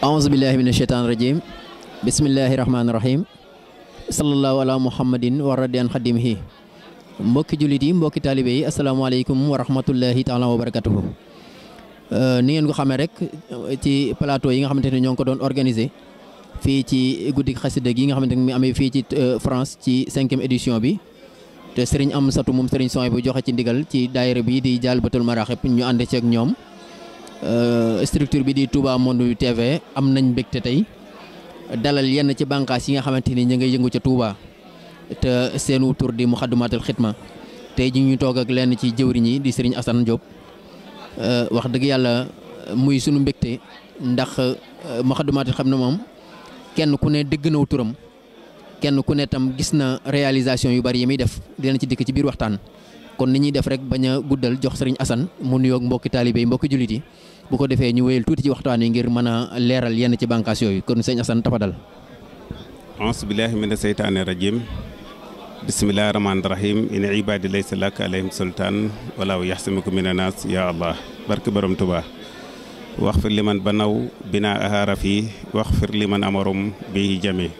A'udzu billahi من الشيطان الرجيم بسم الله الرحمن Muhammadin wa الله على محمد ورد عن خدمه mbokki mbokki wa rahmatullahi taala wa barakatuhu euh, ni ngeen ko xamé rek ci plateau yi nga xamanteni ñong ko doon organiser fi ci goudi khassida gi nga xamanteni mi amé fi ci euh, France ci 5e édition bi te Serigne Satou mom Serigne Soy bu joxe ci ndigal ci daaira bi di Batul Marakhib ñu ci ak ñom. Euh, structure bi di Touba Monde TV am nañ mbégte tey dalal yenn ci bànqaas yi nga xamante ni ñu ngay yëngu ca Touba te seenu tur di Muxaddamatul Xidma tey ji ñu toog ak lenn ci jëwriñ yi di Serigne Assane Diop euh, wax dëgg yàlla muy sunu mbégte ndax euh, Muxaddamatul na moom kenn ku ne dégg naw turam kenn ku ne tam gis na réalisation yu bari yi muy def dinañ ci dikk ci biir waxtaan kon ni ñuy def rek bañ a guddal jox Serigne Assane mu nuyoog mbokki taalibe yi mbokki jullit yi bu ko defee ñu wéyal tuuti ci waxtaan yi ngir mën a leeral yenn ci bànqaas yooyu kon sëñ Assane tafadal auzu billaahi mina seytaani rajiim bismillaahi rahmaani rahiim in ibaadi laysa lak alayhim sultaan walaaw yaxsimuka mina naas yaa allah barke borom Tuubaa wax fir liman banaw bina ahaara fii wax fir man amarum bi jami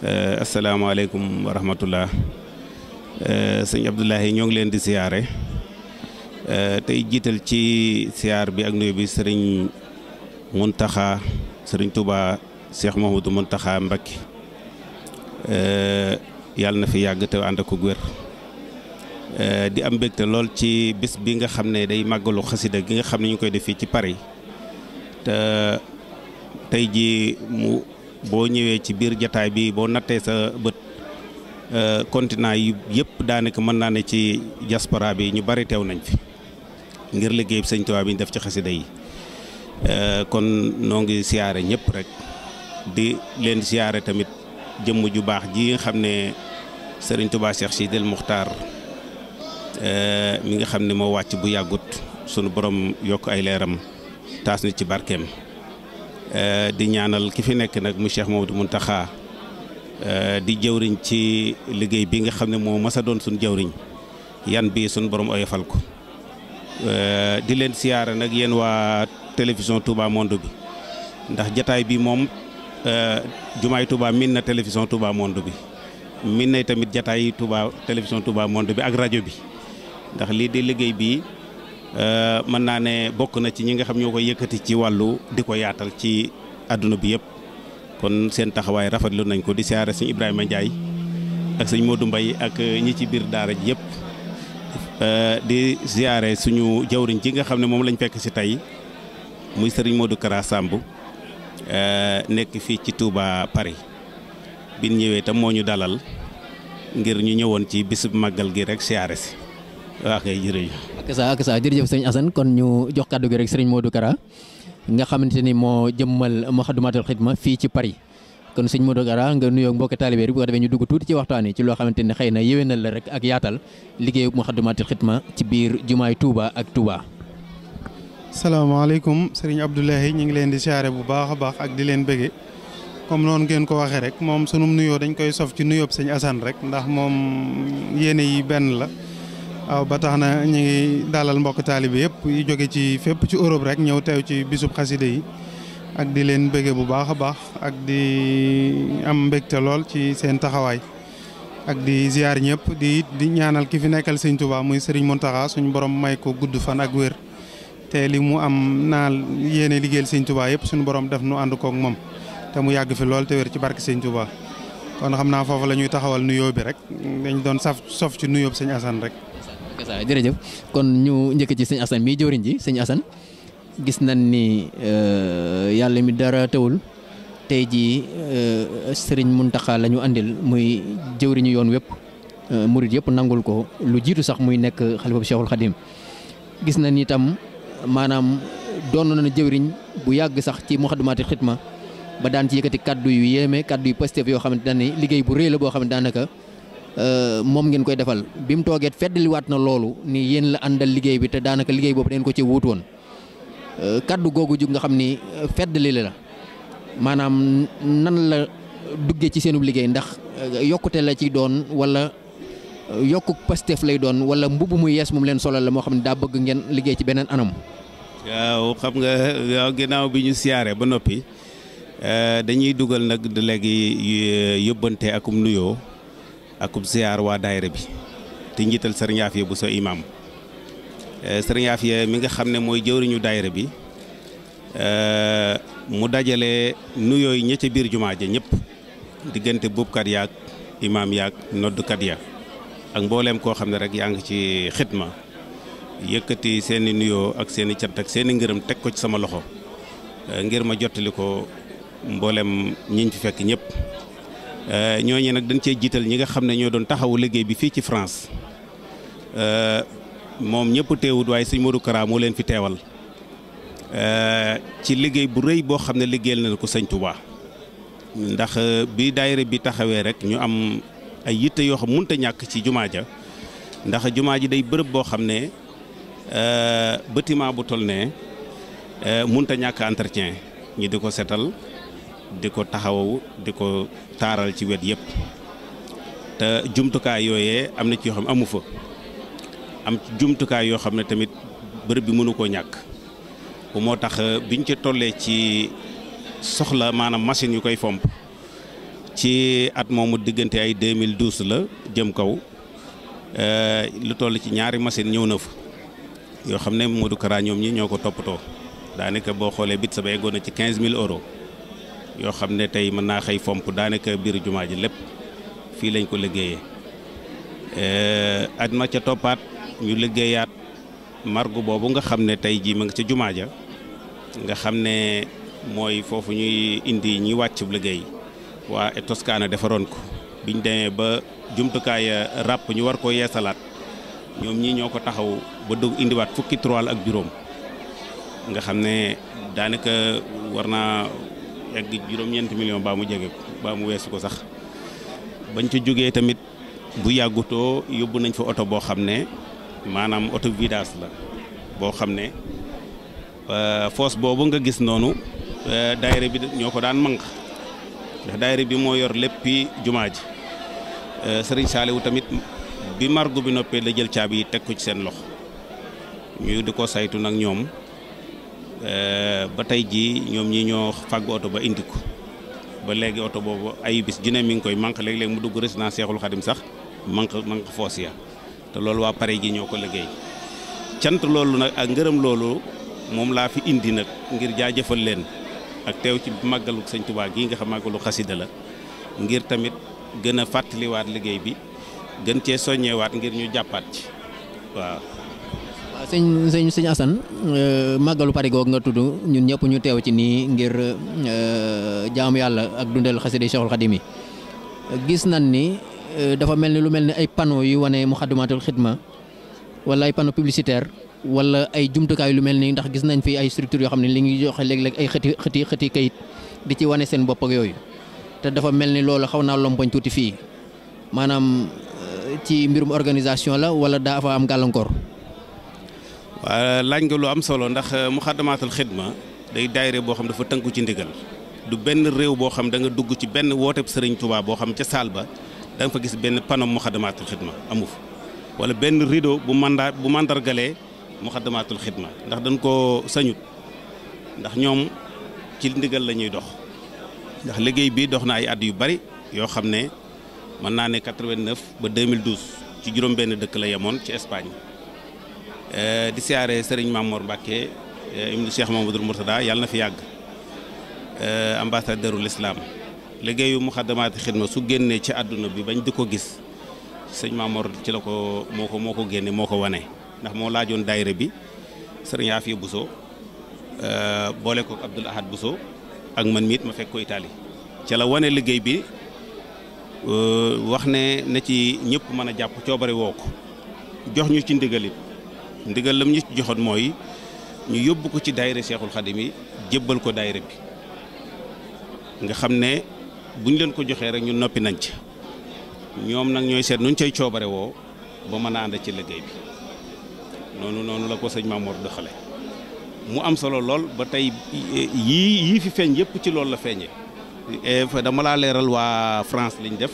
eh, asalaamaaleykum wa rahmatullah eh, sëñ Abdoulahi ñoo ngi leen di siyaare Euh, tey jiital ci siyaar bi ak nuyu bi sëriñ Muntaxa sëriñ Touba Cheikh Mouhamadou Muntaxa Mbacké euh, yàlla na fi yàgg te ànd ak ko euh, di am mbégte lool ci bis bi nga xam ne day màggalu xasida gi nga xam ne ñu koy def fii ci Paris te tey ji mu boo ñëwee ci biir jataay bi boo nattee sa bët continent yi yëpp daanaka mën naa ne ci diaspora bi ñu bari teew nañ fi ngir liggéey bi sëñ Tuubaa bi ñu def ci xasida yi euh, kon noo ngi siyaare ñëpp rek di leen siyaare tamit jëmm ju baax ji nga xam ne sëriñ Tuubaa Cheikh Sidil Muxtaar euh, mu nga xam ne moo wàcc bu yàggut sunu borom yokk ay leeram taas na ci barkeem euh, di ñaanal ki fi nekk nag mu Cheikh Mamadou Muntaxa di jëwriñ ci liggéey bi nga xam ne moo mas a doon suñu jëwriñ yan bii suñu borom yofal ko Euh, di leen siyaare nag yéen waa télévision Touba Monde bi ndax jataay bi moom euh, jumaay Touba miin na télévision Touba Monde bi min na tamit jataay Touba télévision Touba Monde bi ak rajo bi ndax lii di liggéey bi euh, mën naa ne bokk na ci ñi nga xam ñoo ko yëkkati ci wàllu di ko yaatal ci àdduna bi yëpp kon seen taxawaay rafetlu nañ ko di siyaare sëñ Ibrahima Ndiaye ak sëñ Modou mbay ak ñi ci biir daara ji yëpp Euh, di ziare suñu jawriñ ji nga xam ne moom lañ fekk si tey muy sëriñ Modou sàmbu Samb euh, nekk fii ci Touba Paris bi ñëwee tam moo ñu dalal ngir ñu ñëwoon ci bisub màggal gi rek siyaare si waa kay jërëjëf. ak sa ak sa jërëjëf sëñ kon ñu jox rek sëriñ Modou Kara nga xamante ni moo jëmmal Moukhaddamatoul Khidma fii ci Paris. kon sëñ Modou Kara nga nuyoo mbokki taalibe yi bu ko defee ñu dugg tuuti ci waxtaan yi ci loo xamante ne xëy na yéwénal la rek ak yaatal liggéeyu Moukhaddamatoul Khidma ci biir jumaay Touba ak Touba. salaamaaleykum sëriñ Abdoulaye ñu ngi leen di siyaare bu baax a baax ak di leen bëggee comme noonu ngeen ko waxee rek moom sunum nuyoo dañ koy sof ci nuyoob sëñ Assane rek ndax moom yéene yi benn la. waaw ba tax na ñu ngi dalal mbokk taalibe yëpp yi jóge ci fépp ci Europe rek ñëw teew ci bisub xaside yi. ak di leen bëgge bu baax a baax ak di am mbégte lool ci seen taxawaay ak di ziar ñëpp di di ñaanal ki fi nekkal sëñ Touba muy sëriñ Mountakha suñu borom may ko gudd fan ak wér te li mu am naan yéene liggéeyal sëñ Touba yëpp suñu borom def nu ànd koog moom te mu yàgg fi lool te wér ci barke sëñ Touba kon xam naa foofu la ñuy taxawal nuyoo bi rek dañ doon saf sof ci nuyoo bi sëñ Assane rek. jërëjëf kon ñu njëkk ci sëñ Assane mii jëwriñ ji sëñ asan gis nañ ni euh, yàlla mi dara tawul tey jii euh, sëriñ Muntaxa la ñu andil muy jëwriñu yoon wépp euh, murit yëpp nangul ko lu jiitu sax muy nekk xalifa bu Cheikhul Khadim gis nañ itam maanaam doon na jëwriñ bu yàgg sax ci Muxaddamaatul Xidma ba daan ci yëkkati kaddu yu yéeme kaddu yu positif yoo xamante ne ni liggéey bu rëy la boo xam ne daanaka moom ngeen koy defal bi mu toogee feddliwaat na loolu ni yéen la àndal liggéey bi te daanaka liggéey boobu dañ ko ci wuutu kàddu googu jug nga xam ni euh, fedd li la maanaam nan la duggee ci seenu liggéey ndax euh, yokkute la ci doon wala euh, yokku Pastef lay doon wala mbubb mu yees moom leen solo la moo xam ne daa bëgg ngeen liggéey ci beneen anam. waaw xam nga waaw ginnaaw bi ñu siyaare ba noppi dañuy dugal nag léegi yóbbante akum nuyoo akum siyaar waa daayira bi te njiital sëriñ Afia bu so imaam. Euh, sëriñ Afia mi nga xam ne mooy jëwriñu daayira bi euh, mu dajale nuyooy ña ca biir jumaa ja ñépp diggante buubkat yaag imaam yaag noddukat ya ak mbooleem koo xam ne rek yaa ngi ci xitma yëkkati seeni nuyoo ak seeni cant ak seeni ngërëm teg ko ci sama loxo euh, ngir ma jottali ko mbooleem ñiñ fi fekk ñëpp ñooñu nag dañ cee jiital ñi nga xam ne ñoo doon taxawu liggéey bi fii ci France moom ñëpp teewut waaye sëñ Modou Kara moo leen fi teewal eh, ci liggéey bu rëy boo xam ne liggéeyal na ko sëñ Touba ndax eh, bi daayira bi taxawee rek ñu am ay yitte yoo xam mënta ñàkk ci jumaa ja ndax jumaa ji day bërëb boo xam ne eh, bâtiment bu toll ne mënta ñàkk entretien ñu di ko setal di ko taxaw di ko taaral ci wet yëpp te jumtukaay yooyee am na ci yoo xam amu fa am jumtukaay yoo xam ne tamit bërëb bi mënu koo ñàkk moo tax euh, biñ ci tollee ci soxla maanaam machine yu koy fomp ci at moomu diggante ay 2012 la jëm kaw euh, lu toll ci ñaari machine ñëw na fa yoo xam ne Modou Kara ñoom ñi ñoo ko toppatoo daanaka boo xoolee bit sa ba eggoon na ci 15000 euros yoo xam ne tey mën naa xëy fomp daanaka biir jumaa ji lépp fii lañ ko liggéeyee euh, at ma ca toppaat. ñu liggéeyaat margu boobu nga xam ne tey jii ma ngi ca jumaa ja nga xam ne mooy foofu ñuy indi ñi wàcc liggéey waa Toscana defaroon ko biñ demee ba jumtukaay ràpp ñu war ko yeesalaat ñoom ñii ñoo ko taxaw ba dugg indiwaat fukki trois ak juróom nga xam ne daanaka war naa egg juróom-ñeenti million baa mu jege ko baa mu weesu ko sax bañ ca jógee tamit bu yàggutoo yóbbu nañ fa oto boo xam ne maanaam oto autovidage la boo xam ne euh, foos boobu nga gis noonu euh, daayira bi ñoo ko daan manq ndax daayira bi moo yor léppi jumaa ji euh, sëriñ Saaliwu tamit bi margo bi noppee la jël caabi yi teg ko ci seen loxo ñu di ko saytu nag ñoom ba tey jii ñoom ñi ñoo fàgg oto ba indi ko ba léegi oto boobu ay bis ju ne mi ngi koy manq léeg-léeg mu dugg résidence Seexul Xadim sax manq manq foos ya te loolu waa pare gi ñoo ko liggéey cant loolu nag ak ngërëm loolu moom laa fi indi nag ngir jaajëfal leen ak teew ci màggalu sëñ Tuubaa gii nga xam màggalu xasida la ngir tamit gën a fàttaliwaat liggéey bi gën cee soññewaat ngir ñu jàppaat ci waaw. sëñ sëñ sëñ Assane euh, màggalu Paris nga tudd ñun ñëpp ñu teew ci nii ngir euh, jaamu yàlla ak dundal xasida Cheikhul Xadim yi gis nañ ni. dafa mel ni lu mel ni ay panneaux yu wane Moukhaddamatoul Khidma wala ay panneaux publicitaires wala ay jumtukaay lu mel ni ndax gis nañ fi ay structures yoo xam ne li ngi joxe léeg-léeg ay xëti xëti xëti kayit di ci wane seen bopp ak yooyu te dafa mel ni loolu xaw naa lompoñ tuuti fii maanaam ci mbirum organisation la wala daa fa am gàllankoor. waaw laaj nga lu am solo ndax Moukhaddamatoul Khidma day daayira boo xam dafa tënku ci ndigal du benn réew boo xam da nga dugg ci benn wooteb Serigne Touba boo xam ca saal ba. dañ fa gis benn panom muxadamaatul xidma amuf wala benn rideau bu mandat bu mandargalee muxadamaatul xidma ndax dañ koo sañut ndax ñoom ci ndigal la ñuy dox ndax liggéey bi dox na ay at yu bari yoo xam ne mën naa ne 89 ba 2012 ci juróom-benn dëkk la yemoon ci Espagne di siyaare Serigne Mamour Mbacke ibnu Cheikh Mamadou murtada yàlla na fi yàgg ambassadeurul islam liggéeyu muxaddamaati xidma su génnee ci àdduna bi bañ di ko gis sëñ Maamoor ci la ko moo ko moo ko génne moo ko wane ndax moo laajoon daayira bi sëriñ Afia Bousso boole ko Abdoul Ahad Bousso ak man miit ma fekk ko Italie ci la wane liggéey bi wax ne na ci ñëpp mën jàpp coobare woo ko jox ñu ci ndigal ndigal lam ñu ci joxoon mooy ñu yóbbu ko ci daayira Seexul Xadim yi ko daayira bi nga xam bu ñu leen ko joxee rek ñun noppi nañ ci ñoom nag ñooy seet nuñ cay coobare woo ba mën a ànd ci liggéey bi noonu noonu la ko sëñ Mamour doxale mu am solo lool ba tey yii yii fi feeñ yëpp ci loolu la feeñee dama laa leeral waa France liñ def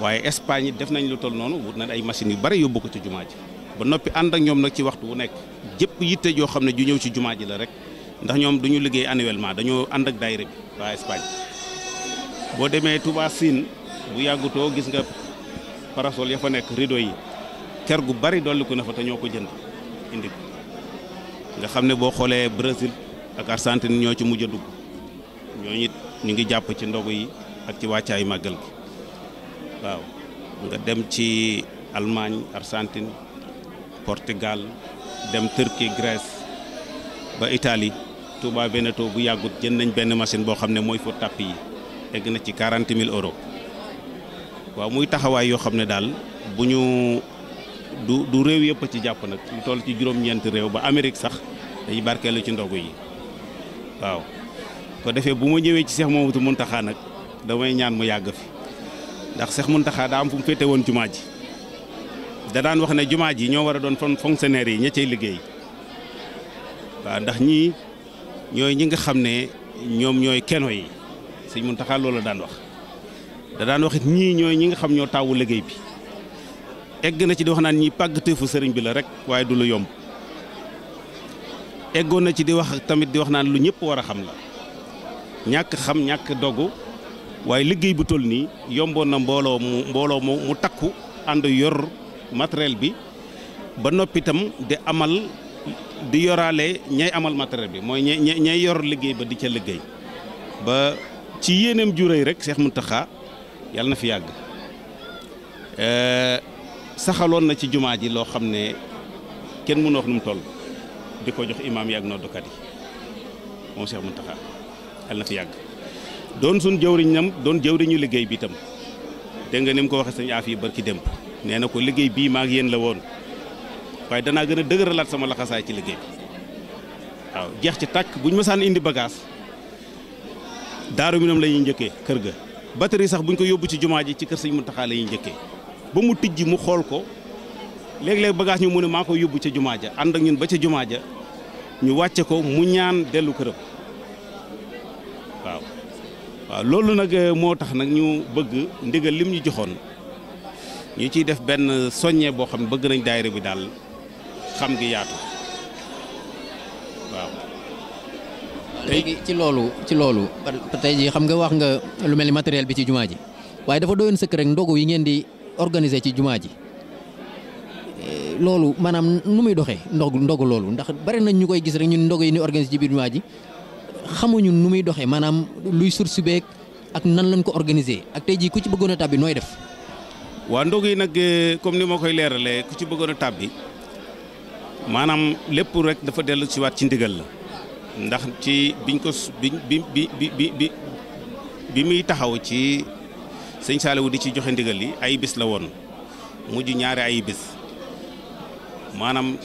waaye Espagne def nañ lu toll noonu wut na ay machines yu bari yóbbu ko ci jumaa ji ba noppi ànd ak ñoom nag ci waxtu wu nekk jëpp yitte yoo xam ne ju ñëw ci jumaa ji la rek ndax ñoom du ñu liggéey annuellement dañoo ànd ak daayira bi waa boo demee Touba Sine bu yàggutoo gis nga parasol ya fa nekk rideau yi ker gu bari dolliku na fa te ñoo ko jënd indi ko nga xam ne boo xoolee Brésil ak Argentine ñoo ci mujj a dugg ñooñu it ñu ngi jàpp ci ndogu yi ak ci wàccaayu màggal gi waaw nga dem ci Allemagne Argentine Portugal dem Turquie Grèce ba Italie Touba Veneto bu yàggut jën nañ benn machine boo xam ne mooy fóot tàpp yi egg na ci quarante mille euros waaw muy taxawaay yoo xam ne daal bu ñu du du réew yëpp ci jàpp nag lu toll ci juróom-ñeenti réew ba Amérique sax dañuy barkeelu ci ndogu yi waaw ko defee bu ma ñëwee ci Seex Mamadu Muntaxa nag damay ñaan mu yàgg fi ndax Seex Muntaxa daa am fu mu féete woon jumaa ji da daan wax ne jumaa ji ñoo war a doon fonctionnaire yi ña cay liggéey waaw ndax ñii ñooy ñi nga xam ne ñoom ñooy keno yi sëñ Muntaxa loolu daan wax da daan wax it ñii ñooy ñi nga xam ñoo tawu liggéey bi egg na ci di wax naan ñii fu sëriñ bi la rek waaye du lu yomb eggoon na ci di wax tamit di wax naan lu ñëpp war a xam la ñàkk xam ñàkk dogu waaye liggéey bu toll nii yomboon na mbooloo mu mbooloo mu mu takku ànd yor matériel bi ba noppi itam di amal di yoraale ñay amal matériel bi mooy ñay ñay yor liggéey ba di ca liggéey ba. ci yéeneem ju réy rek Cheikh Mountakha yàlla na fi yàgg euh, saxaloon na ci jumaa ji loo xam ne kenn mënu wax nu mu toll di ko jox imaam yi ak noddukat yi moom Cheikh Mountakha yàlla na fi yàgg doon suñ jëwriñ nam doon jëwriñu liggéey bi itam dégg nga ni mu ko waxe sañ aaf yi barki démb nee na ko liggéey bii maag yéen la woon waaye danaa gën a dëgëralaat sama laxasaay ci liggéey bi waaw jeex ci tàkk bu ñu mësaan indi bagaas daaru minam la ñuy njëkkee kër ga batterie sax bu ñu ko yóbbu ci jumaa ji ci kër sëñ mu la ñuy njëkkee ba mu tijji mu xool ko léeg-léeg bagage ñu mu ne maa ko yóbbu ca jumaa ja ànd ak ñun ba ca jumaa ja ñu wàcce ko mu ñaan dellu këram waaw waaw loolu nag eh, moo tax nag ñu bëgg ndigal lim ñu joxoon ñu ciy def benn soññee boo xam ne bëgg nañ daayira bi daal xam gi yaatu léegi ci loolu ci loolu tey jii xam nga wax nga lu mel ni matériel bi ci jumaa ji waaye dafa doyoon sëkk rek ndogu yi ngeen di organiser ci jumaa ji eh, loolu maanaam nu muy doxee ndogu ndogu loolu ndax bari nañ ñu koy gis ñun ndogu yi ni organiser ci biir jumaa ji xamuñu nu muy doxee maanaam luy source beeg ak nan lañ ko organiser ak tey jii ku ci bëggoon a tàbbi nooy def. waa ndogu yi nag eh, comme ni moo koy leeralee ku ci bëggoon a tàbbi maanaam lépp rek dafa dellu siwaat ci ndigal la. ndax ci biñ ko bi bi bi bi bi bi muy taxaw ci sëñ Saaliwu di ci joxe ndigal li ay bis la woon mujj ñaari ay bis maanaam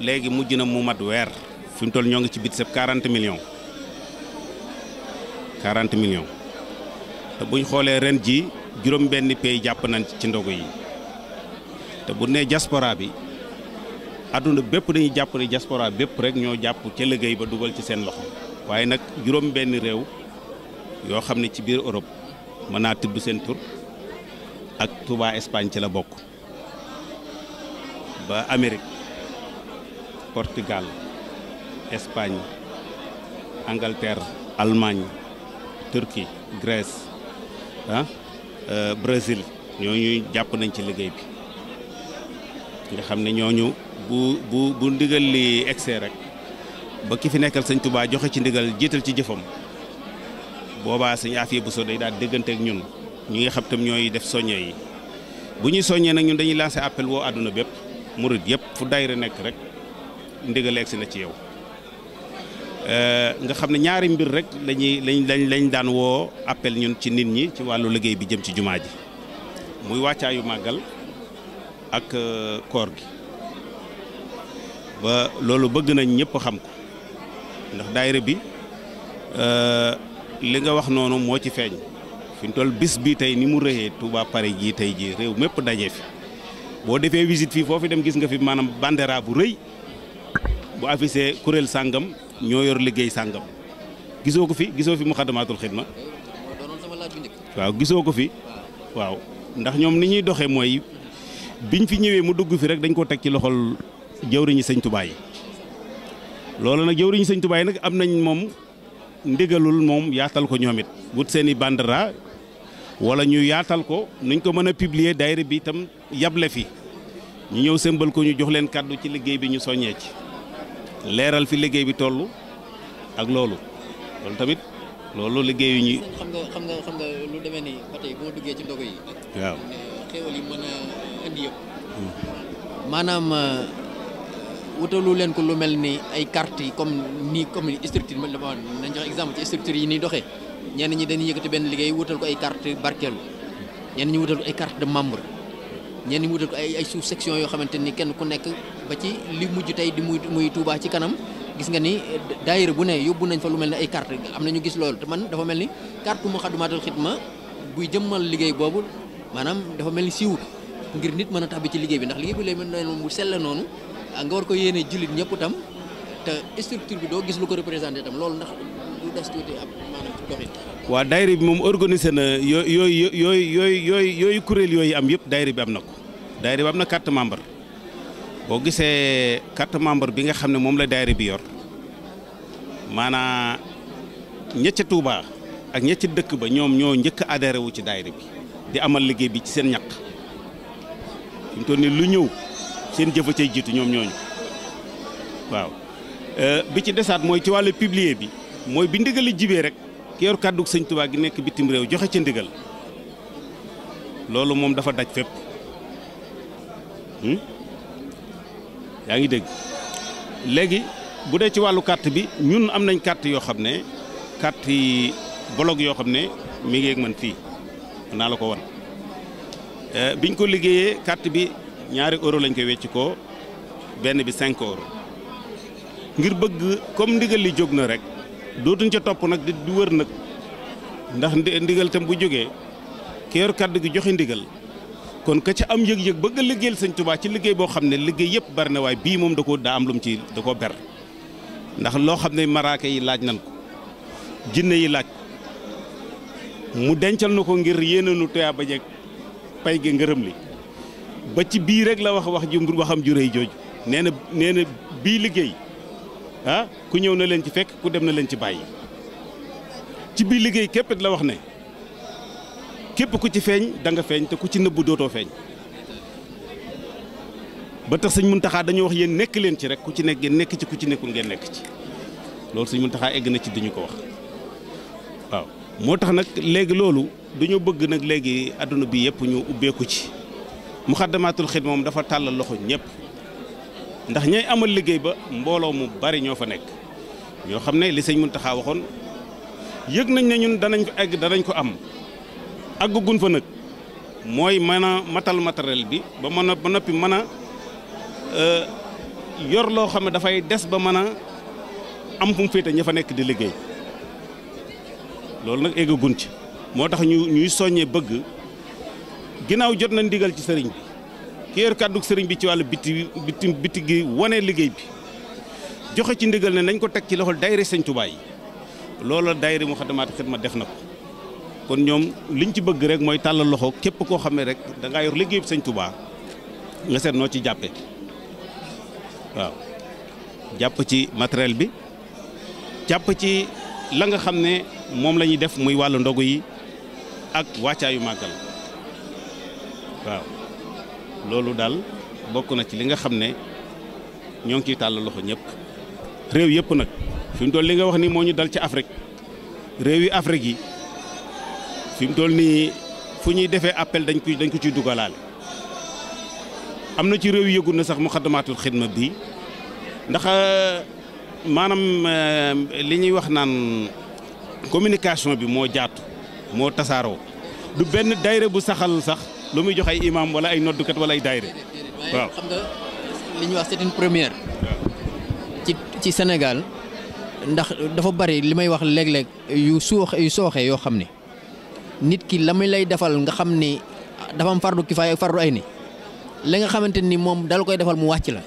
léegi mujj na mu mat weer fi toll ñoo ngi ci budget 40 millions 40 millions te buñ xoolee ren ji juróom benn pays jàpp nañ ci ndogu yi te bu nee diaspora bi aduna bepp dañuy japp ni diaspora bepp rek ño japp ci liggéey ba duggal ci sen loxo waye nak juróom benn rew yo xamni ci biir europe mën naa tudd seen tur ak touba espagne ci la bok ba amerique portugal espagne angleterre allemagne turquie grèce ah, euh brésil ñuy japp nañ ci liggéey bi nga xamni ne ñu bu bu bu ndigal li egsee rek ba ki fi nekkal sëñ tubaa joxe ci ndigal jiital ci jëfam boobaa sëñ bu Bousso day daal dëggante ak ñun ñu ngi xam tam ñooy def soññee yi bu ñuy soñee nag ñun dañuy lancer appel woo àdduna bépp murit yëpp fu dayre nekk rek ndigal egsi na ci yow euh, nga xam ne ñaari mbir rek lañuy lañ lañ lañ daan woo appel ñun ci nit ñi ci wàllu liggéey bi jëm ci jumaa ji muy wàccaayu màggal ak euh, koor gi ba loolu bëgg nañ ñëpp xam ko ndax daayira bi euh, li nga wax noonu moo ci feeñ fi mu toll bis bii tey ni mu rëyee Touba Paris jii tey jii réew mépp daje fi boo defee visite fii foofu dem gis nga fi maanaam bandera bu rëy bu affiché kuréel sàngam ñoo yor liggéey sàngam gisoo ko fi gisoo fi muxadamatul xidma waaw gisoo ko fi waaw ndax ñoom ni ñuy doxe mooy biñ fi ñëwee mu dugg fi rek dañ ko teg ci loxol jëwriñu sëñ Tuubaa yi loolu nag jëwriñu sëñ Tuubaa nag am nañ moom ndigalul moom yaatal ko ñoom it wut seen i bandara wala ñu yaatal ko nuñ ko mën a publier daayira bi itam yable fi ñu ñëw sëmbal ko ñu jox leen kàddu ci liggéey bi ñu soññee ci leeral fi liggéey bi toll ak loolu loolu tamit loolu liggéeyu ñi. xam nga xam ci ndogo yi. waaw xéwal yi mën a indi yëpp. Hmm. wutalu leen ko lu mel ni ay cartes yi comme nii comme structure ma la ma nañ jox exemple ci structure yi nii doxee ñenn ñi dañuy yëkkati benn liggéey wutal ko ay carte barkeelu ñenn ñi wutal ko ay carte de membre ñenn ñi wutal ko ay ay sous yoo xamante ni kenn ku nekk ba ci li mujj tey di muy muy Touba ci kanam gis nga ni daayira bu ne yóbbu nañ fa lu mel ni ay carte am na ñu gis loolu te man dafa mel ni carte mu xadumaatul xidma buy jëmmal liggéey boobu maanaam dafa mel ni siiwut ngir nit mën a tabbi ci liggéey bi ndax liggéey bi lay mel noonu bu sell noonu nga war ko yéene jullit ñëpp tam te structure bi doo gis lu ko représenté tam loolu ndax du des tuuti ab maanaam ci doxin. waaw daayira bi moom organise na yoo yooyu yooyu yooyu yooyu kuréel yooyu am yëpp dayre bi am na ko daayira bi am na carte membre boo gisee carte membre bi nga xam ne moom la daayira bi yor maanaa ña tuubaa ak ña dëkk ba ñoom ñoo njëkk adhéré wu ci daayira bi di amal liggéey bi ci seen ñaq fi mu toll lu ñëw. seen jëfa jitu nyom ñoom Wow. waaw euh, bi ci desaat mooy ci wàllu publier bi mooy bi ndigal li jibee rek ki yor kàddug sëñ Tuubaa gi nekk bitim réew joxe ca ndigal loolu moom dafa daj fépp hmm? yaa ngi dégg léegi bu ci wàllu carte bi ñun am nañ carte yoo xam carte yi bolog yoo mi ngi ak man fii mën naa la euh, biñ ko carte bi ñaari euro lañ ko wecc ko benn bi 5 ngir bëgg comme ndigal li jóg na rek dootuñ ca topp nag di wër nag ndax ndigal tam bu jógee ki kàdd gi joxe ndigal kon ka ca am yëg-yëg bëgg a liggéeyal sëñ Tuubaa ci liggéey boo xam ne liggéey yëpp bari na waaye bii moom da ko daa lu mu ci da ko ber ndax loo xam ne maraaka yi laaj nan ko jinne yi laaj mu dencal nu ko ngir yéenanu toyaa ba jeg pay gi ngërëm li ba ci bii rek la wax wax ju waxam ju rëy jooj nee na nee na bii liggéey ah ku ñëw na leen ci fekk ku dem na leen ci bàyyi ci bii liggéey képp la wax ne képp ku ci feeñ da nga feeñ te ku ci nëbbu dootoo feeñ ba tax mun Muntaxa dañoo wax yéen nekk leen ci rek ku ci nekk ngeen nekk ci ku ci nekkul ngeen nekk ci loolu sëñ taxaa egg na ci duñu ko wax waaw moo tax nag léegi loolu dañoo bëgg nag léegi àdduna bi yëpp ñu ubbeeku ci muxaddamaatul xidma moom dafa tàllal loxo ñëpp ndax ñay amal liggéey ba mbooloo mu bari ñoo fa nekk ñoo xam ne li sañ mun Muntaxa waxoon yëg nañ ne ñun danañ ko egg danañ ko am aggugun fa nag mooy mën a matal matériel bi ba mën a ba noppi mën a euh, yor loo xam ne dafay des ba mën a am fu mu féete ña fa nekk di liggéey loolu nag eggagun ci moo tax ñu ñuy soññee bëgg ginnaaw jot na ndigal ci sëriñ bi ki yor kàddug sëriñ bi ci wàll biti biti biti gi liggéey bi joxe ci ndigal ne nañ ko teg ci loxol daayira sëñ Tuubaa yi loola daayira Muxaddamaatul ma def na ko kon ñoom liñ ci bëgg rek mooy tàllal loxo képp koo xam ne rek da ngaa yor liggéey bi sëñ Tuubaa nga seet noo ci jàppe waaw jàpp ci matériel bi jàpp ci la nga xam ne moom la ñuy def muy wàllu ndogu yi ak wàccaayu màggal waaw loolu daal bokk na ci li nga xam ne ñoo ngi ciy tàll loxo ñëpp réew yëpp nag fi mu toll li nga wax ni moo ñu dal ci Afrique réew yi Afrique yi fi mu toll nii fu ñuy defee appel dañ ko dañ ko ciy dugalaale am na ci réew yi yëgul na sax muxaddamaatul xidma bi ndax euh, maanaam euh, li ñuy wax naan communication bi moo jaatu moo tasaaroo du benn dayre bu saxal sax lu muy jox ay imam wala ay kat wala ay daire waaw xam nga liñ wax c'est une première ci ci Sénégal ndax dafa bari limay wax leg leg yu suux yu soxé yo xamni nit ki lamay lay defal nga xamni dafa am fardu kifaya ak fardu ay ni la nga xamanteni mom dal koy defal mu wacc la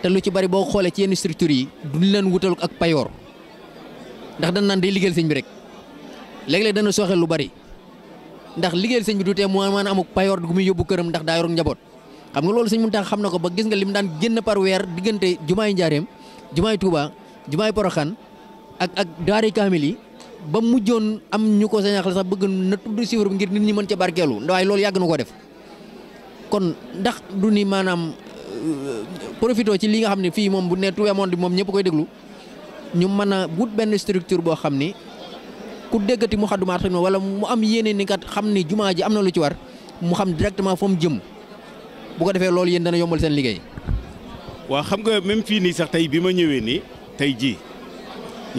te lu ci bari bo xolé ci yenn structure yi duñ leen wutal ak payor ndax dañ nan day liggéeyal señ bi rek leg leg dana soxé lu bari ndax liguel sëñ bi du tee mu amuk payor gumi yobu kërëm ndax daa yor njaboot xam nga loolu sëñ Muntaxa xam nako ba gis nga lim daan genn par wèr digënté jumaay ndiarém jumaay Touba jumaay Poroxaan ak ak daari kamili ba mujjoon am ñuko ko sañaxal sax bëgg na tuddu chiffre bi ngir nit ñi mën ci ndaway yag def kon ndax du ni maanaam euh, profito ci li nga xamni fi mom bu né Touba Monde bi koy déglu ñu mëna wut structure bo xamni ku déggati mu xaddumaat xidma wala mu am yéeneen ni xam ni jumaa ji am na lu ci war mu xam directement fa mu jëm bu ko defee loolu yéen dana yombal seen liggéey. waa xam nga même fii nii sax tey bi ma ñëwee nii tey jii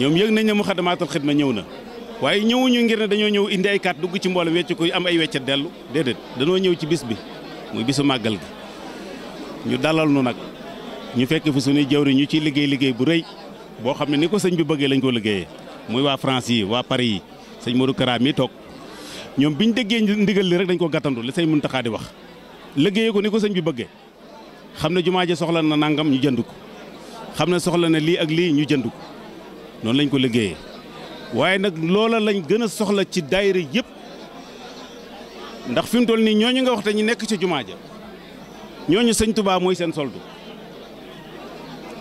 ñoom yëg nañ ne mu xadamaatul xidma ñëw na waaye ñëwuñu ngir ne dañoo ñëw indi ay kaat dugg ci mboolem wecc koy am ay weccat dellu déedéet danoo ñëw ci bis bi muy bisu màggal gi ñu dalal nu nag ñu fekk fi suñuy jawri ñu ciy liggéey liggéey bu rëy boo xam ne ni ko sëñ bi bëggee lañ ko liggéeyee mooy waa France yi waa Paris yi sëñ Modou Kara mi toog ñoom bi ñu déggee ndigal li rek dañ ko gàttandu li sëñ Muntaxa di wax liggéeyee ko ni ko sañ bi bëggee xam ne jumaa ja soxla na nangam ñu jënd ko xam ne soxla na lii ak lii ñu jënd ko noonu lañ ko liggéeyee waaye nag loola lañ gën a soxla ci daayira yëpp ndax fi mu toll nii ñooñu nga wax te ñu nekk ci jumaa ja ñooñu sëñ Tuubaa mooy seen soldu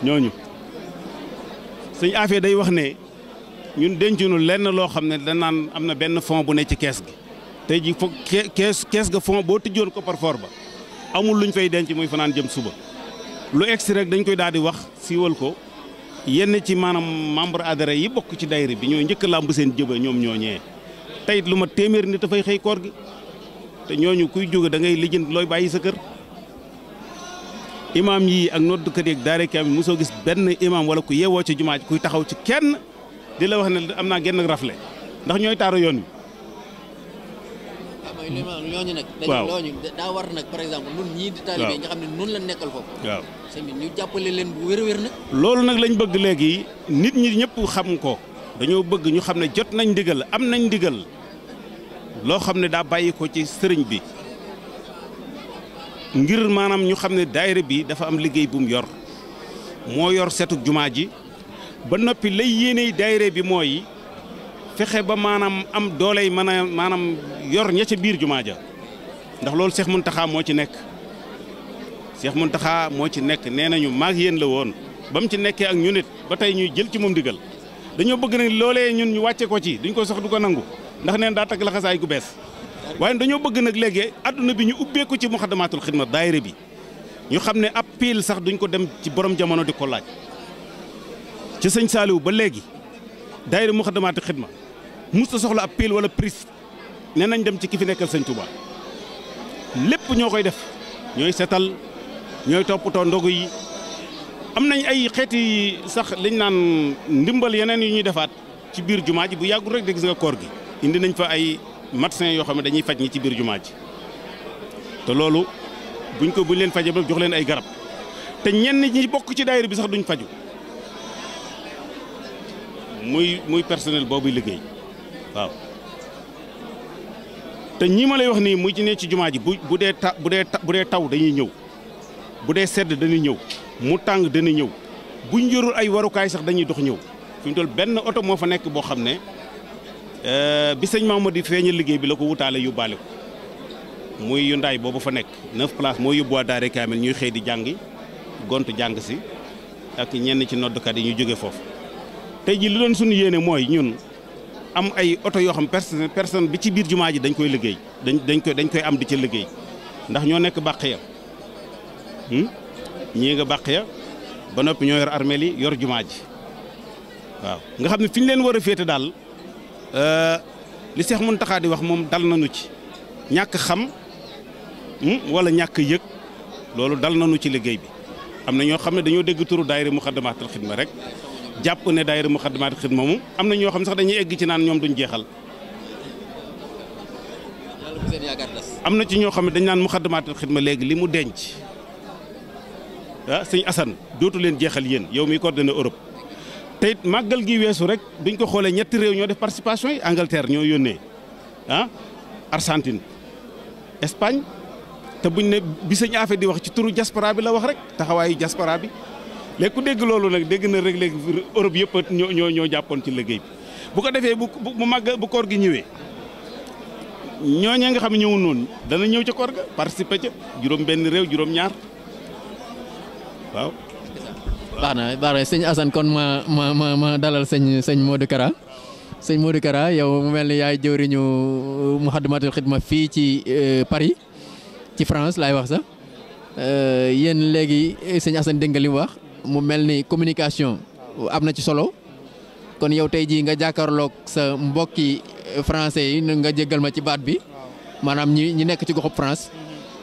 ñooñu sëñ Afee day wax ne ñun dencunu lenn loo xam ne dañ naan am na benn fond bu ne ci kees gi tey ji fo kees kees ga fond boo tijjoon ko par ba amul luñ fay denc muy fanaan jëm suba lu egsi rek dañ koy daal di wax siiwal ko yenn ci maanaam membre adhéré yi bokk ci dayri bi ñoo njëkk a seen jëba ñoom ñoo ñëwee tey it lu ma téeméer ni dafay xëy koor gi te ñooñu kuy jóge da ngay lijjanti looy bàyyi sa kër imaam yii ak noddkat yeeg daare kaam mosoo gis benn imaam wala ku yeewoo ci jumaa kuy taxaw ci kenn di la wax ne am naa genn rafle ndax ñooy taaru yoon wi. Ah, waaw nag. waaw looñu daa war nag par exemple ñun ñii di taalibe nga xam ne noonu la nekkal foofu. waaw sëñ ñu jàppale leen bu wér-wér nag. loolu nag lañu bëgg léegi nit ñi ñëpp xam ko dañoo bëgg ñu xam ne jot nañ ndigal am nañ ndigal loo xam ne daa bàyyi ko ci sëriñ bi ngir maanaam ñu xam ne daayira bi dafa am liggéey bu mu yor moo yor setuk jumaa ji. ba noppi lay yéeney daayira bi mooy fexe ba maanaam am dooley mën a maanaam yor ña ca biir jumaa ja ndax loolu mun Mountakha moo ci nekk mun Mountakha moo ci nekk nee nañu maag yéen la woon ba mu ci nekkee ak ñu nit ba tey ñuy jël ci moom digal dañoo bëgg nag loolee ñun ñu wàcce ko ci duñ ko sox du ko nangu ndax neen daa takk laxasaay gu bees waaye dañoo bëgg nag léegi adduna bi ñu ubbeeku ci muxadamatul xidma daayira bi ñu xam ne ab piil sax duñ ko dem ci borom jamono di ko laaj ci sëñ Saliou ba léegi daayira Muxaddamatul Xidma mus ta soxla ab pile wala prise ne nañ dem ci ki fi nekkal sëñ Touba lépp ñoo koy def ñooy setal ñooy toppatoo ndogu yi am nañ ay xeeti sax liñ naan ndimbal yeneen yu ñuy defaat ci biir jumaa ji bu yàggul rek de gis nga koor gi indi nañ fa ay médecin yoo xam ne dañuy faj ñi ci biir jumaa ji te loolu buñ ko buñ leen fajee ba jox leen ay garab te ñenn ñi bokk ci daayira bi sax duñ faju muy muy personnel boobuy liggéey waaw te ñii ma lay wax nii muy ci ci jumaa ji bu bu dee ta bu dee bu dee taw dañuy ñëw bu dee sedd dañuy ñëw mu tàng dañuy ñëw buñ yorul ay warukaay sax dañuy dox ñëw fi mu toll benn oto moo fa nekk boo xam ne euh, bi sëñ di feeña liggéey bi la ko wutaale yóbbaale ko muy yu ndaay boobu fa nekk neuf place moo yóbbuwaa daare kaamil ñuy xëy di jàngi gont jàng si ak ñenn ci noddukat yi ñu jóge foofu tey ji li doon suñu yéene mooy ñun am ay oto yoo xam personne personne bi ci biir jumaa ji dañ koy liggéey dañ dañ koy dañ koy am di ci liggéey ndax ñoo nekk bàq ya hmm? ñii nga bàq ya ba noppi ñoo yor armeel yi yor jumaa ji waaw nga xam ne fi ñu leen war a féete daal euh, li Seex Muntaxa di wax moom dal nañu ci ñàkk xam hmm, wala ñàkk yëg loolu dal nanu ci liggéey bi am na ñoo xam ne dañoo dégg turu daayira Muxaddamaatul Xidma rek jàpp ne daayira Muxaddamaatul Xidma moom am na ñoo xam sax dañuy egg ci naan ñoom duñ jeexal. am na ci ñoo xam ne dañ naan Muxaddamaatul Xidma léegi li mu denc ah sëñ Assane dootu leen jeexal yéen yow miy coordonné Europe. te it màggal gi weesu rek duñ ko xoolee ñetti réew ñoo def participation yi Angleterre ñoo yónnee ah Argentine Espagne te buñ ne bi sëñ Afé di wax ci turu diaspora bi la wax rek taxawaayu diaspora bi. léegi ku dégg loolu nag dégg na rek léegi Europe yëpp a ñoo ñoo jàppoon ci liggéey bi bu ko defee bu bu màgg bu koor gi ñëwee ñooñee nga xam ne ñëwul noonu dana ñëw ci koor ga participer ca juróom-benn réew juróom-ñaar waaw. baax na baax na sëñ kon ma ma dalal sëñ sëñ Modou Kara sëñ Modou Kara yow mu mel ni yaay jëwriñu uh, Muxaddamatul Xidma fii ci uh, Paris ci France laay wax sax uh, yéen léegi sëñ Assane dégg nga li wax. mu mel ni communication am na ci solo kon yow tey jii nga jàkkaarloog sa mbokki eh, français yi nga jéggal ma ci baat bi maanaam ñi ñi nekk ci goxub France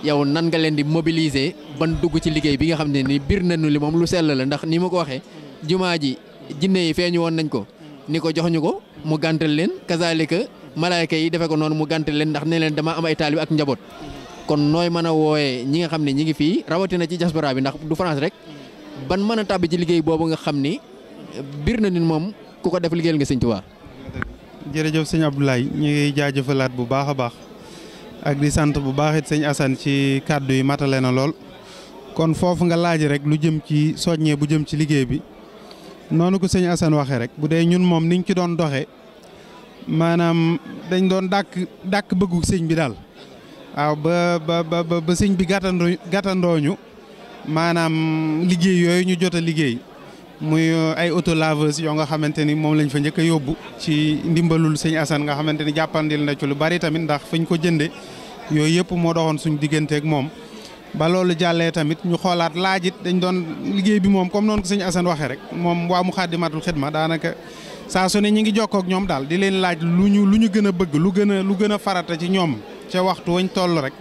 yow nan nga leen di mobiliser ban dugg ci liggéey bi nga xam ne ni biir na nañu li moom lu sell la ndax ni ma ko waxee jumaa ji jinne yi feeñu woon nañ ko ni ko jox ñu ko mu gàntal leen kazalika malaayka yi defe ko noonu mu gàntal leen ndax ne leen dama am ay taalib ak njaboot kon nooy mën a wooyee ñi nga xam ne ñi ngi fii rawatina ci diaspora bi ban mën a tàbbi ci liggéey boobu nga xam ni biir na nit moom ku ko def liggéeyal nga sëñ Tuubaa. jërëjëf sëñ Abdoulaye ñu ngi jaajëfalaat bu baax a baax ak di sant bu baax it sëñ Assane ci kàddu yi matale na lool kon foofu nga laaj rek lu jëm ci soññee bu jëm ci liggéey bi noonu ko sëñ Assane waxee rek bu dee ñun moom niñ ci doon doxe maanaam dañ doon dàkk dàkk bëggu sëñ bi daal waaw ba ba ba ba sëñ bi gàttandoo gàttandoo ñu maanaam liggéey yooyu ñu jot liggéey muy euh, ay auto laveuse yoo nga xamante ni moom lañ fa njëkk a yóbbu ci ndimbalul sëñ Assane nga xamante ni jàppandil na ci lu bari tamit ndax fañ ko jënde yooyu yëpp moo doxoon suñu digganteeg moom ba loolu jàllee tamit ñu xoolaat laajit dañ doon liggéey bi moom comme noonu ko sëñ Assane waxee rek moom waa Muxaddamatul Xidma daanaka saa su ne ñu ngi jokkoo ak ñoom daal di leen laaj lu ñu lu ñu gën a bëgg lu gën a lu gën a farata ci ñoom ca waxtu wañ toll rek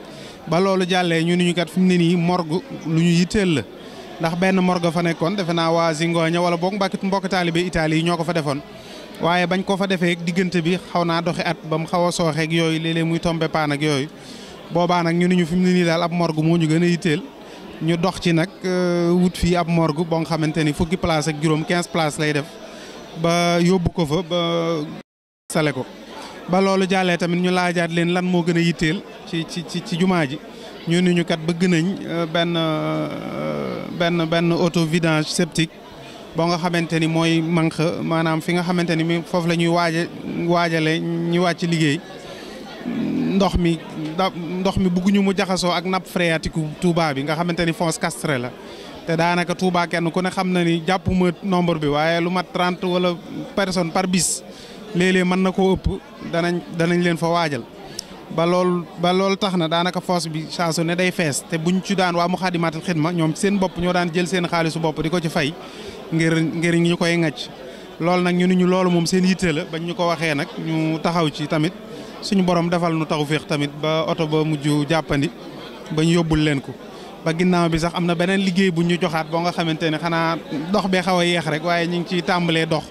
ba loolu jàllee ñu ni ñu kat fi mu ne nii morgue lu ñu yitteel la ndax benn morgue fa nekkoon defe naa waa Zingoña wala boog mbàkkit mbokk taalibe Italie yi ñoo ko fa defoon waaye bañ ko fa defee diggante bi xaw naa doxi at ba mu xaw a sooxeeg yooyu léeg muy tombe paan yooyu boobaa nag ñu ni ñu fi mu ne nii daal ab morgu moo ñu gën a yitteel ñu dox ci nag euh, wut fii ab morgue boo nga xamante ni fukki place ak juróom quinze place lay def ba yóbbu ko fa ba sale ko ba loolu jàllee tamit ñu laajaat leen lan moo gën a yitteel ci ci ci ci jumaa ji ñu ni kat bëgg nañ euh, benn euh, benn benn auto vidange septique boo nga xamante ni mooy manque maanaam fi nga xamante ni mi foofu la ñuy waaja waajale ñu wàcc liggéey ndox mi da ndox mi bëgguñu mu jaxasoo ak nappe phréatique Touba bi nga xamante ni fosse castrée la te daanaka Touba kenn ku ne xam na ni jàppuma nombre bi waaye lu mat trent wala personne par bis léeg-léeg mën na ko ëpp danañ danañ leen fa waajal ba loolu ba loolu tax na daanaka foos bi saa ne day fees te ñu ci daan waa Muxaddamatul Xidma ñoom seen bopp ñoo daan jël seen xaalisu bopp di ko ci fay ngir ngir ñu koy ŋàcc loolu nag ñu ni ñu loolu moom seen yitte la bañ ñu ko waxee nag ñu taxaw ci tamit suñu borom defal nu taxu tawféex tamit ba oto ba mujj jàppandi ba ñu yóbbul leen ko. ba ginnaaw bi sax am na beneen liggéey bu ñu joxaat boo nga xamante ne xanaa dox bee xaw a yéex rek waaye ñu ngi ciy tàmbalee dox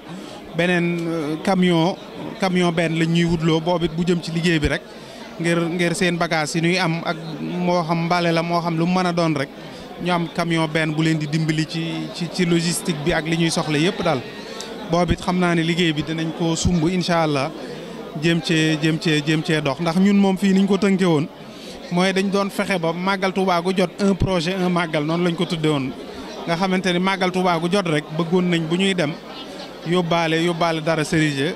beneen euh, camion camion benn lañ ñuy wutloo boobu it jëm ci liggéey bi rek. ngir ngir seen bagage yi ñuy am ak moo xam mbale la moo xam lu mën a doon rek ñu am camion benn bu leen di dimbali ci ci ci logistique bi ak li ñuy soxla yëpp daal. boobu it xam naa ne liggéey bi danañ ko sumb incha allah jéem cee jéem cee jéem cee dox ndax ñun moom fii niñ ko tënkee woon mooy dañ doon fexe ba màggaltu Touba jot un projet un màggal noonu lañ ko tuddee woon. nga xamante ni màggal Touba jot rek bëggoon nañ bu ñuy dem. yóbbaale yóbbaale dara sérieux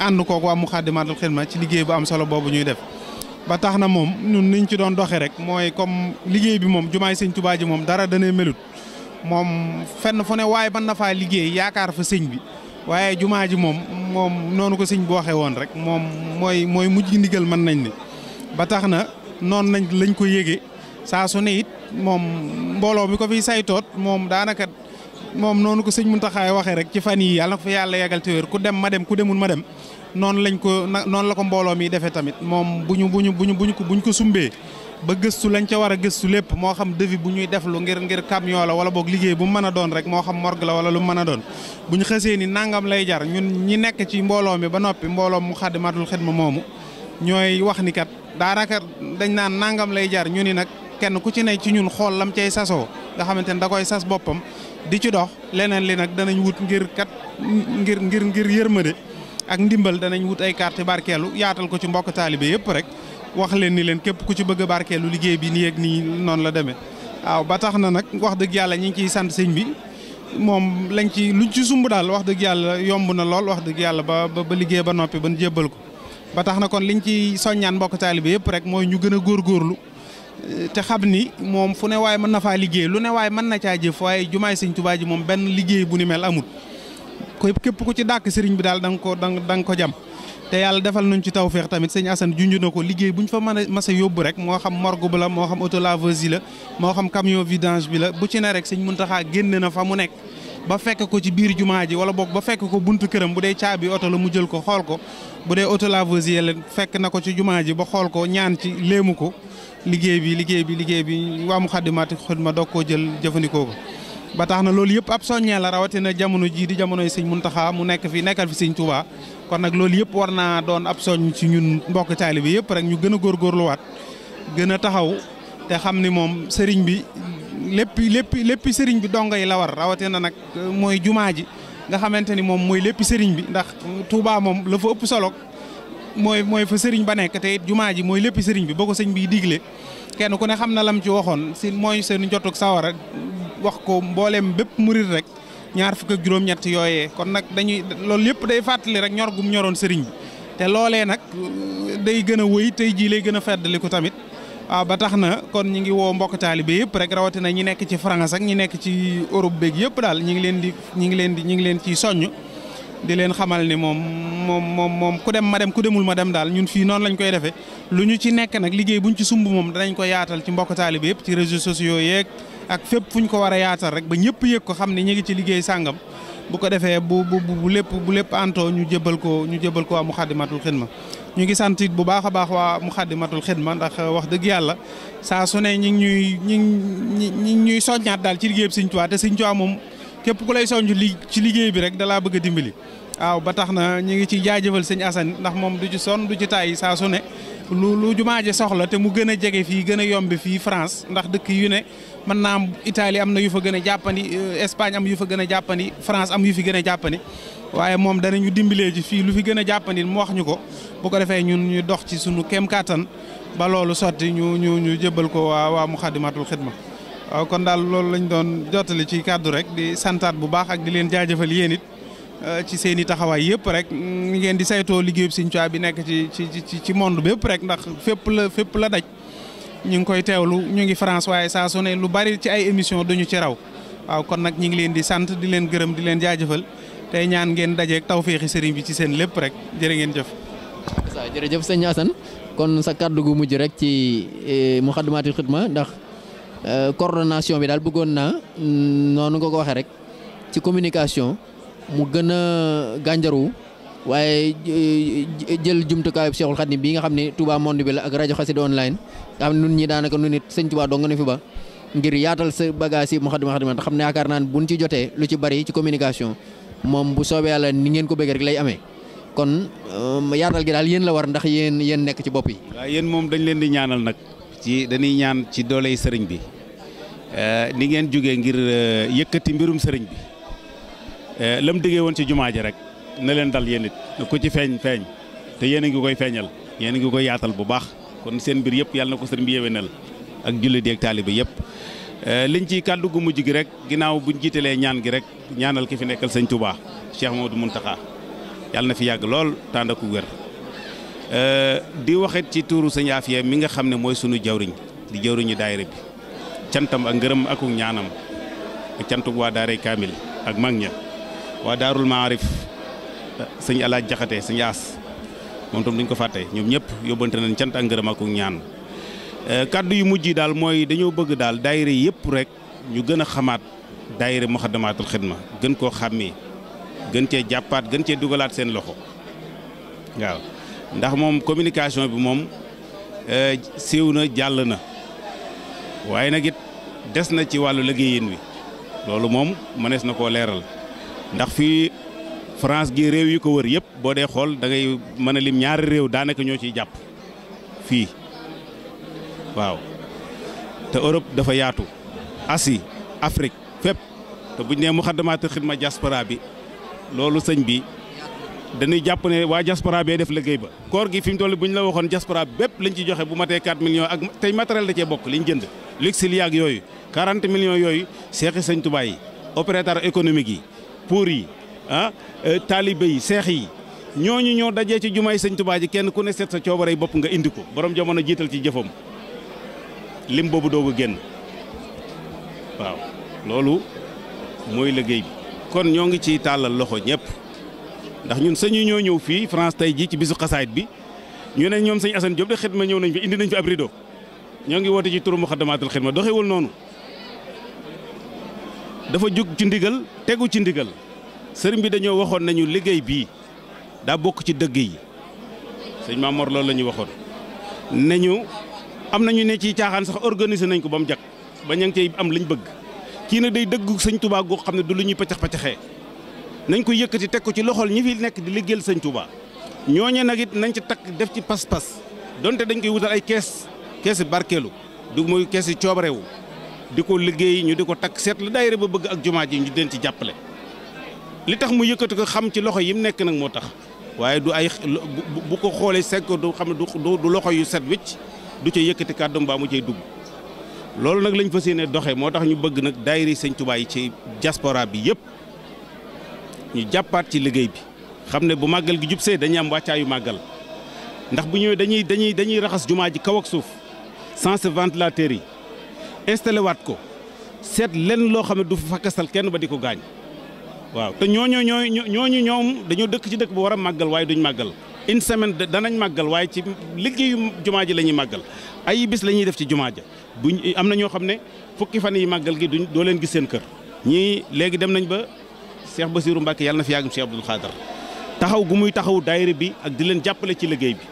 ànd kooku waa Muxaddamatul Xidma ci liggéey bu am solo boobu ñuy def ba tax na moom ñun niñ ci doon doxee rek mooy comme liggéey bi moom jumaay sëñ Tubaa moom dara danay melut moom fenn fu ne waaye mën na faa liggéey yaakaar fa sëñ bi waaye jumaa ji moom moom noonu ko sëñ bi waxee woon rek moom mooy mooy mujj ndigal man nañ ne ba tax na noon nañ lañ ko yége saa su ne it moom mbooloo mi ko fiy saytoot moom daanaka moom noonu ko sëñ Muntaxa waxee rek ci fan yi yàlla na ko fa yàlla yàggal te wér ku dem ma dem ku demul ma dem noon lañ ko noonu la ko mbooloo mi defee tamit moom bu ñu bu ñu bu ñu bu ñu ko sumbee ba gëstu lañ ca war a gëstu lépp moo xam devis bu ñuy def lu ngir ngir camion la wala boog liggéey bu mu mën a doon rek moo xam morgue la wala lu mën a doon bu ñu xësee ni nangam lay jar ñun ñi nekk ci mbooloo mi ba noppi mbooloo mu xaddimatul xidma moomu ñooy wax ni kat daanaka dañ naan nangam lay jar ñu ni nag kenn ku ci ne ci ñun xool lam cay sasoo boppam di ci dox leneen li nag danañ wut ngir kat ngir ngir ngir yërmande ak ndimbal danañ wut ay carte barkeelu yaatal ko ci mbokk taalibe yëpp rek wax leen ni leen képp ku ci bëgg a barkeelu liggéey bi nii ak nii noonu la demee. waaw ba tax na nag wax dëgg yàlla ñi ngi ciy sant sëñ bi moom lañ ci luñ ci sumb daal wax dëgg yàlla yomb na lool wax dëgg yàlla ba ba liggéey ba noppi ba jébbal ko ba tax na kon liñ ciy soññaan mbokk taalibe yëpp rek mooy ñu gën a góorgóorlu te xam ni moom fu ne waaye mën na faa liggéey lu ne waay mën na caa jëf waaye jumaay sëñ Tuubaa ji moom benn liggéey bu ni mel amut ko képp ku ci dàkk sëriñ bi daal da nga ko da ko jam te yàlla defal nañ ci tawféex tamit sëñ Assane junj na ko liggéey bu ñu fa man a mas yóbbu rek moo xam morgue bi la moo xam auto laveuse yi la moo xam camion vidange bi la bu ci ne rek sëñ Muntaxa génn na fa mu nekk ba fekk ko ci biir jumaa ji wala boog ba fekk ko buntu këram bu dee caabi oto la mu jël ko xool ko bu dee auto laveuse yi la fekk na ko ci jumaa ji ba xool ko ñaan ci léemu ko liggéey bi liggéey bi liggéey bi waa Moukhaddamatoul Khidma doog koo jël jëfandikoo ko ba tax na loolu yëpp ab soññee la rawatina jamono jii di jamonoy sëñ Muntaxa mu nekk fi nekkal fi sëñ Touba kon nag loolu yëpp war naa doon ab soññ ci ñun mbokk taalibe bi yëpp rek ñu gën a góorgóorluwaat gën a taxaw te xam ni moom sëriñ bi lépp lépp lépp sëriñ bi dongo yi la war rawatina nag euh, mooy jumaa ji nga xamante ni moom mooy lépp sëriñ bi ndax Touba moom la fa ëpp solo mooy mooy fa sëriñ ba nekk te jumaa ji mooy lépp sëriñ bi boo ko sëñ bi digle kenn ku ne xam na lam ci waxoon si mooy seen jotuk sawara wax ko mbooleem bépp murit rek ñaar fukk ak juróom-ñett yooyee kon nag dañuy loolu lépp day fàttali rek ñor gum ñoroon sëriñ bi te loolee nag day gën a wëy tey jii lay gën a feddaliku tamit waaw ah, ba tax na kon ñi ngi woo mbokk taalibe yëpp rek rawatina ñi nekk ci France ak ñi nekk ci Europe beeg yëpp daal ñi ngi leen di ñi ngi leen di ñi ngi leen soññ di leen xamal ni moom moom moom moom ku dem ma dem ku demul ma dem daal ñun fii noonu lañ koy defee lu ñu ci nekk nag liggéey buñ ci sumb moom danañ ko yaatal ci mbokk taalibe yëpp ci réseaux sociaux yeeg ak fépp fu ñu ko war a yaatal rek ba ñëpp yëg ko xam ni ñu ngi ci liggéey sàngam bu ko defee bu bu bu lépp bu lépp antoo ñu jëbal ko ñu jëbal ko waa Muxaddamatul Xidma ñu ngi sant it bu baax a baax waa Muxaddamatul Xidma ndax wax dëgg yàlla saa su ne ñi ngi ñuy ñi ngi soññaat daal ci liggéey bi Sëñ Tuubaa te Sëñ Tuubaa moom képp ku lay soññ li ci liggéey bi rek dalaa bëgg a dimbali waaw ba tax na ñu ngi ci jaajëfal sëñ Assane ndax moom du ci sonn du ci tay saa su ne lu lu jumaaje soxla te mu gën a jege fii gën a yombe fii France ndax dëkk yu ne mën naa am Italie am na yu fa gën a jàppandi euh, Espagne am yu fa gën a jàppandi France am yu fi gën a jàppandi waaye moom ñu dimbalee ci fii lu fi gën a jàppandi mu wax ñu ko bu ko defee ñun ñu dox ci sunu kem kàttan ba loolu sotti ñu ñu ñu jébbal ko waa waa Muxaddamatul Xidma waaw kon daal loolu lañ doon jottali ci kàddu rek di santaat bu baax ak di leen jaajëfal yéen it euh, ci seen i taxawaay yëpp rek mm, ngeen di saytoo liggéeyub bi Tuubaa bi nekk ci ci ci ci monde bépp rek ndax fépp la fépp la daj ñu ngi koy teewlu ñu ngi France waaye saa su lu bari ci ay émission duñu ci raw waaw kon nag ñu ngi leen di sant di leen gërëm di leen jaajëfal tey ñaan ngeen dajeeg tawféexi sëriñ bi ci seen lépp rek jërë ngeen jëf. jërëjëf sëñ Assane kon sa kàddu gu mujj rek ci eh, Moukhaddamatoul Khidma ndax. Euh, coordination bi daal bëggoon naa mm, noonu nga ko waxee rek ci communication mu gën a gànjaru waaye jël jumtukaayu Cheikhul Khadim bii nga xam ne Touba Monde bi la ak rajo Xassida online nga xam ne nun ñi daanaka nun it sëñ Touba dong nga ne fi ba ngir yaatal sa bagage yi mu xadima xadima xam ne yaakaar naa ne buñ ci jotee lu ci bari ci communication moom bu soobee yàlla ni ngeen ko bëggee rek lay amee kon um, yaatal gi daal yéen la war ndax yéen yéen nekk ci bopp yi. waaye yéen moom dañ leen di ñaanal nag. ci dañuy ñaan ci dooley sëriñ bi eh, ni ngeen jógee ngir eh, yëkkati mbirum sëriñ bi eh, lam diggee woon ci jumaa ji rek na leen dal yéen it ku ci feeñ feeñ te yéen ngi koy feeñal yéen ngi koy yaatal bu baax kon seen mbir yëpp yàlla na ko sëriñ bi yéwénal ak jullit yi ak taaliba yëpp liñ ci kàddu gu mujj gi rek ginnaaw buñ jiitalee ñaan gi rek ñaanal ki fi nekkal sëñ Touba Cheikh Mamadou Mountakha yàlla na fi yàgg lool tànd ak wér Euh, di waxit ci tuuru sëñ Afia mi nga xam ne mooy sunu jawriñ di jawriñu daayira bi cantam ak ngërëm ak ñaanam ak cantuk waa daaray kaamil ak mag ña waa daarul maarif euh, sëñ alaaj jaxate sëñ aas moom tam duñ ko fàtte ñoom ñëpp yóbbante nañ cant ak ngërëm ak ñaan euh, kàddu yu mujj yi daal mooy dañoo bëgg daal daayira yëpp rek ñu gën a xamaat daayira muxaddamaatul xidma gën koo xàmmee gën cee jàppaat gën cee dugalaat seen loxo waaw ndax moom communication bi moom euh, siiw na jàll na waaye nag it des na ci wàllu liggéeyin wi loolu moom mënees na koo leeral ndax fii France gi réew yi ko wër yëpp boo dee xool dangay ngay mën a lim ñaari réew daanaka ñoo ciy jàpp fii waaw te ërop dafa yaatu Asie Afrique fépp te buñ nee muxaddamaatul xidma diaspora bi loolu sëñ bi danuy jàpp ne waa diaspora bee def liggéey ba koor gi fi mu toll bu ñu la waxoon diaspora bépp lañ ci joxe bu matee 4 millions ak tey matériel da cee bokk liñ jënd luxe li ak yooyu 40 millions yooyu seexi sëñ Tuubaa yi opérateur économique yi pour yi ah euh, taalibe yi seex yi ñooñu ñoo dajee ci jumaay sëñ Tuubaa ji kenn ku ne seet sa coobare bopp nga indi ko borom jamono jiital ci jëfam lim boobu doo a génn waaw loolu mooy liggéey bi kon ñoo ngi ciy tàllal loxo ñëpp. ndax ñun sëñ yi ñoo ñëw fii France tey jii ci bisu xasaayit bi ñu ne ñoom sëñ Assane Diop xet ma ñëw nañ fi indi nañ fi ab rido ñoo ngi woote ci turu Muxaddamaatul Xidma doxewul noonu dafa jug ci ndigal tegu ci ndigal sëriñ bi dañoo waxoon nañu liggéey bii daa bokk ci dëgg yi sëñ Mamor loolu la ñu waxoon nañu am nañu ne ci caaxaan sax organiser nañ ko ba mu jag ba ña ngi am lañ bëgg kii na day dëggu sëñ Tuubaa goo xam ne du lu ñuy paccax paccaxee nañ ko yëkkati teg ko ci loxol ñi fi nekk di liggéeyal sëñ Touba ñooñe nag it nañ ci takk def ci pas-pas donte dañ koy wutal ay kees keesi barkeelu du mooy keesi coobarewu di ko liggéey ñu di ko takk seet la daayira ba bëgg ak jumaa ji ñu den ci jàppale li tax mu yëkkati ko xam ci loxo yi mu nekk nag moo tax waaye du ay bu ko xoolee segg ko du xam du loxo yu set wicc du ca yëkkati kàddu mbaa mu cay dugg loolu nag lañ fa yéene doxee moo tax ñu bëgg nag daayira sëñ Tuubaa ci diaspora bi yëpp ñu jàppaat ci liggéey bi xam ne bu màggal gi jubsee dañuy am wàccaayu màggal ndax bu ñëwee dañuy dañuy dañuy raxas jumaa ji kaw ak suuf sans ventilateur yi installé waat ko seet lenn loo xam ne du fa fakkasal kenn ba di ko gaañ waaw te ñooñu ñooñu ñooñu ñoom dañoo dëkk ci dëkk bu war a màggal waaye duñ màggal une semaine danañ màggal waaye ci liggéeyu jumaa ji la ñuy màggal ay bis la ñuy def ci jumaa ja bu am na ñoo xam ne fukki fan yi màggal gi duñ doo leen gis seen kër ñii Cheikh Basirou Mbacke yàlla na fi yàggum Cheikh Abdoul Khadar taxaw gu muy taxaw daayira bi ak di leen jàppale ci liggéey bi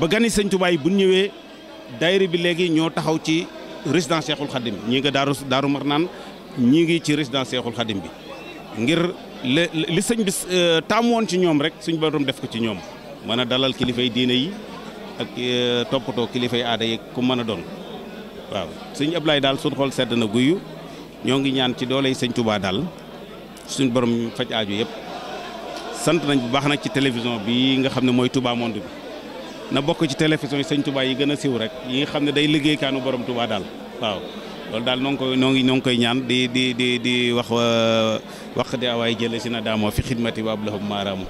ba gani sëñ Tuubaa bu ñëwee daayira bi léegi ñoo taxaw ci résidence Cheikhul Khadim ñii nga daaru daaru Marnaan ñii ngi ci résidence Cheikhul Khadim bi ngir li sëñ bi euh, taamu woon ci ñoom rek suñu borom def ko ci ñoom mën a dalal kilifay diine yi ak euh, toppatoo kilifay aada yi ku mën a doon waaw sëñ Ablaye daal suñ xol sedd na guyu ñoo ngi ñaan ci dooley sëñ daal suñu borom ñu faj aaju yëpp sant nañ bu baax na ci télévision bi nga xam ne mooy Touba Monde bi na bokk ci télévision yi sañ Touba yi gën a siw rek yi nga xam ne day liggéey kaanu borom tubaa daal waaw loolu daal noo ngi koy noo ngi noo ngi koy ñaan di di di di wax wax di awaay jële si na daamoo fi xidmati wa ab lahum maaraamu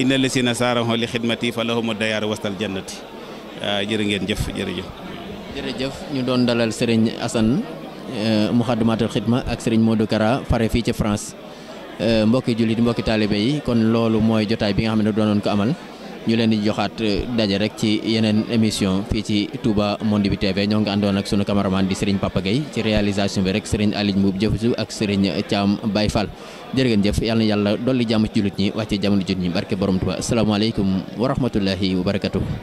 inna li si na saaraho li xidmati fa lahumu dayaar wastal jannati jërë ngeen jëf jërëjëf jërëjëf ñu doon dalal sëriñ Assane Muxaddamatul Xidma ak sëriñ Modou Kara fare fii ci France Euh, mbokki jullit mbokki taalibe yi kon loolu mooy jotaay bi nga xam ne doonoon ko amal ñu leen di joxaat euh, daje rek ci yeneen émission fii ci Touba Monde bi TV ñoo ngi àndoon ak sunu cameraman di Serigne Papa Gueye ci réalisation bi rek Serigne Aliou Mbuub jëfusu ak Serigne caam bay Fall jërë ngeen jëf yàlla na yàlla dolli jàmm ci jullit ñi wàcce jamono jullit ñi barke borom Touba asalaamaaleykum wa rahmatullahi wa barakatuh